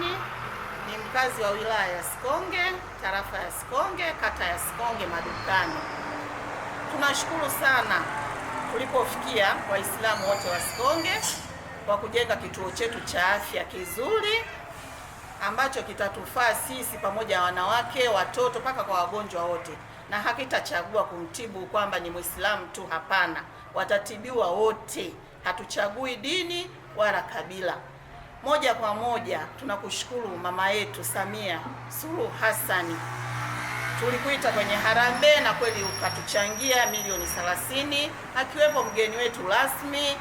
John ni mkazi wa wilaya ya Sikonge, tarafa ya Sikonge, kata ya Sikonge Madukani. Tunashukuru sana tulipofikia Waislamu wote wa Sikonge kwa kujenga kituo chetu cha afya kizuri ambacho kitatufaa sisi pamoja na wanawake, watoto mpaka kwa wagonjwa wote, na hakitachagua kumtibu kwamba ni Muislamu tu. Hapana, watatibiwa wote, hatuchagui dini wala kabila. Moja kwa moja tunakushukuru mama yetu Samia Suluhu Hassan, tulikuita kwenye harambee na kweli ukatuchangia milioni 30, akiwepo mgeni wetu rasmi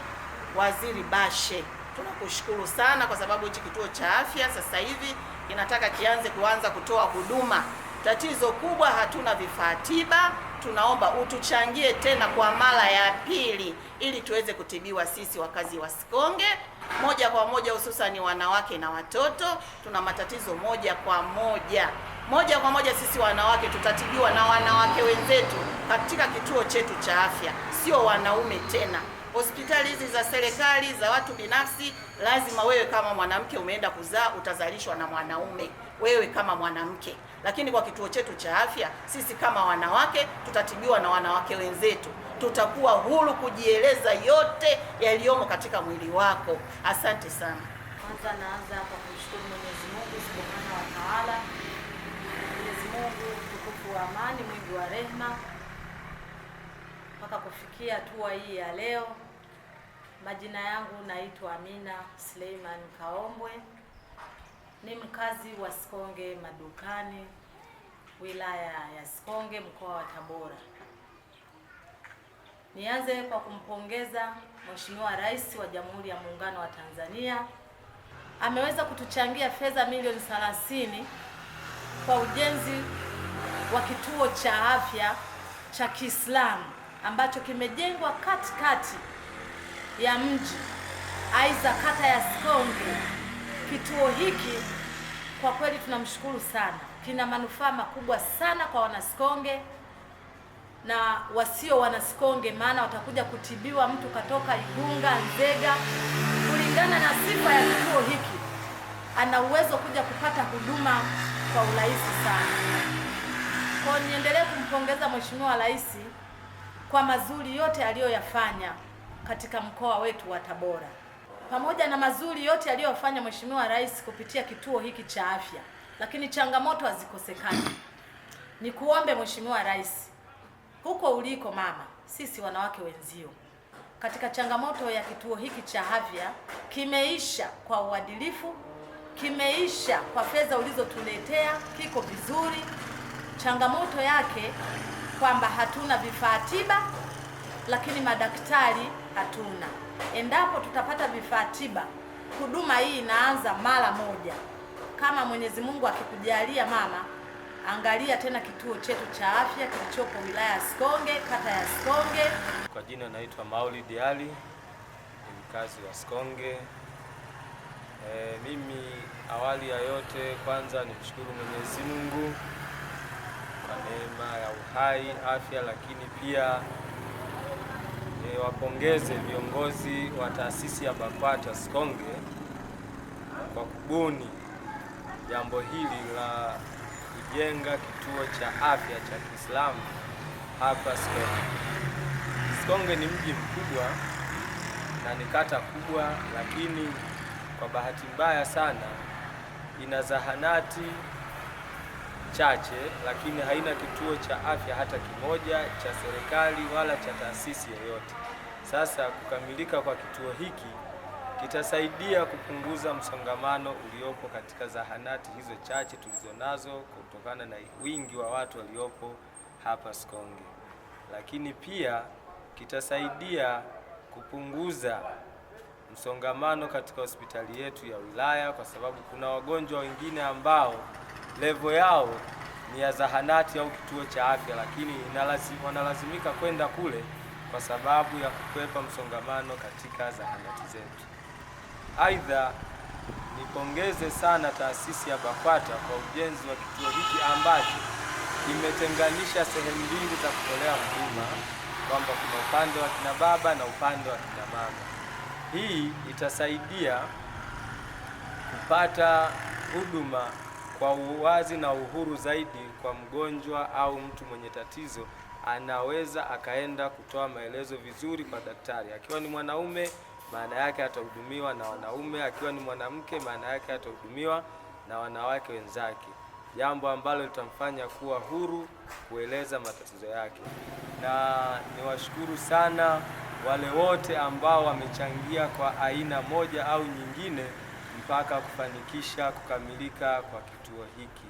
Waziri Bashe. Tunakushukuru sana kwa sababu hichi kituo cha afya sasa hivi kinataka kianze kuanza kutoa huduma. Tatizo kubwa hatuna vifaa tiba tunaomba utuchangie tena kwa mara ya pili ili tuweze kutibiwa sisi wakazi wa Sikonge moja kwa moja, hususani wanawake na watoto. Tuna matatizo moja kwa moja moja kwa moja, sisi wanawake tutatibiwa na wanawake wenzetu katika kituo chetu cha afya, sio wanaume tena hospitali hizi za serikali za watu binafsi, lazima wewe kama mwanamke umeenda kuzaa utazalishwa na mwanaume, wewe kama mwanamke. Lakini kwa kituo chetu cha afya, sisi kama wanawake tutatibiwa na wanawake wenzetu, tutakuwa huru kujieleza yote yaliyomo katika mwili wako. Asante sana. Kwanza naanza kwa kumshukuru Mwenyezi Mungu Subhanahu wa Ta'ala, Mwenyezi Mungu mtukufu wa amani, mwingi wa rehema mpaka kufikia hatua hii ya leo. Majina yangu naitwa Amina Suleiman Kaombwe, ni mkazi wa Sikonge Madukani, wilaya ya Sikonge, mkoa wa Tabora. Nianze kwa kumpongeza Mheshimiwa Rais wa Jamhuri ya Muungano wa Tanzania, ameweza kutuchangia fedha milioni 30 kwa ujenzi wa kituo cha afya cha Kiislamu ambacho kimejengwa katikati ya mji, aidha kata ya Sikonge. Kituo hiki kwa kweli tunamshukuru sana, kina manufaa makubwa sana kwa Wanasikonge na wasio Wanasikonge, maana watakuja kutibiwa mtu katoka Igunga, Nzega, kulingana na sifa ya kituo hiki ana uwezo kuja kupata huduma kwa urahisi sana. Kwa niendelee kumpongeza Mheshimiwa Rais kwa mazuri yote aliyoyafanya katika mkoa wetu wa Tabora, pamoja na mazuri yote aliyofanya Mheshimiwa Rais kupitia kituo hiki cha afya, lakini changamoto hazikosekani. Ni kuombe Mheshimiwa Rais, huko uliko mama, sisi wanawake wenzio katika changamoto ya kituo hiki cha afya, kimeisha kwa uadilifu, kimeisha kwa fedha ulizotuletea, kiko vizuri. Changamoto yake kwamba hatuna vifaa tiba, lakini madaktari hatuna. Endapo tutapata vifaa tiba, huduma hii inaanza mara moja. Kama Mwenyezi Mungu akikujalia, mama, angalia tena kituo chetu cha afya kilichopo wilaya ya Sikonge, kata ya Sikonge. Kwa jina naitwa Maulid Ali, ni mkazi wa Sikonge. E, mimi awali ya yote kwanza nimshukuru Mwenyezi Mungu uhai, afya, lakini pia e, wapongeze viongozi wa taasisi ya BAKWATA Sikonge kwa kubuni jambo hili la kujenga kituo cha afya cha Kiislamu hapa Sikonge. Sikonge ni mji mkubwa na ni kata kubwa, lakini kwa bahati mbaya sana ina zahanati chache, lakini haina kituo cha afya hata kimoja cha serikali wala cha taasisi yoyote. Sasa kukamilika kwa kituo hiki kitasaidia kupunguza msongamano uliopo katika zahanati hizo chache tulizonazo kutokana na wingi wa watu waliopo hapa Sikonge, lakini pia kitasaidia kupunguza msongamano katika hospitali yetu ya wilaya, kwa sababu kuna wagonjwa wengine ambao levo yao ni ya zahanati au kituo cha afya, lakini wanalazimika kwenda kule kwa sababu ya kukwepa msongamano katika zahanati zetu. Aidha, nipongeze sana taasisi ya BAKWATA kwa ujenzi wa kituo hiki ambacho kimetenganisha sehemu mbili za kutolea huduma, kwamba kuna upande wa kina baba na upande wa kina mama. Hii itasaidia kupata huduma kwa uwazi na uhuru zaidi kwa mgonjwa au mtu mwenye tatizo anaweza akaenda kutoa maelezo vizuri kwa daktari. Akiwa ni mwanaume, maana yake atahudumiwa na wanaume, akiwa ni mwanamke, maana yake atahudumiwa na wanawake wenzake, jambo ambalo litamfanya kuwa huru kueleza matatizo yake. Na niwashukuru sana wale wote ambao wamechangia kwa aina moja au nyingine mpaka kufanikisha kukamilika kwa kituo hiki.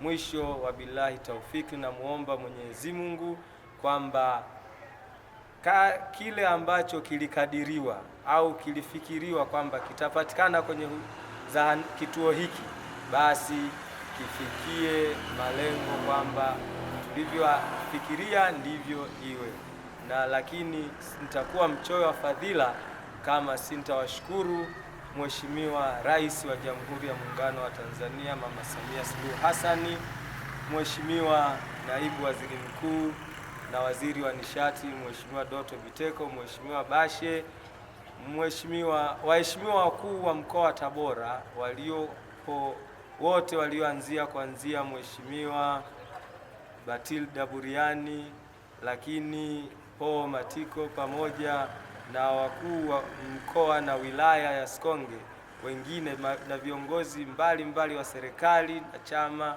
Mwisho wa bilahi taufiki, namwomba Mwenyezi Mungu kwamba ka kile ambacho kilikadiriwa au kilifikiriwa kwamba kitapatikana kwenye zahan, kituo hiki basi kifikie malengo kwamba tulivyofikiria ndivyo iwe, na lakini nitakuwa mchoyo wa fadhila kama sintawashukuru Mheshimiwa Rais wa Jamhuri ya Muungano wa Tanzania Mama Samia Suluhu Hassani, Mheshimiwa Naibu Waziri Mkuu na Waziri wa Nishati Mheshimiwa Doto Biteko, Mheshimiwa Bashe, Mheshimiwa, waheshimiwa wakuu wa mkoa wa Tabora waliopo wote walioanzia kuanzia Mheshimiwa Batilda Buriani, lakini Po Matiko pamoja na wakuu wa mkoa na wilaya ya Sikonge wengine na viongozi mbalimbali mbali wa serikali na Chama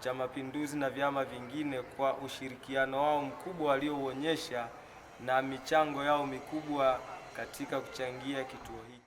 cha Mapinduzi na vyama vingine kwa ushirikiano wao mkubwa waliouonyesha na michango yao mikubwa katika kuchangia kituo hiki.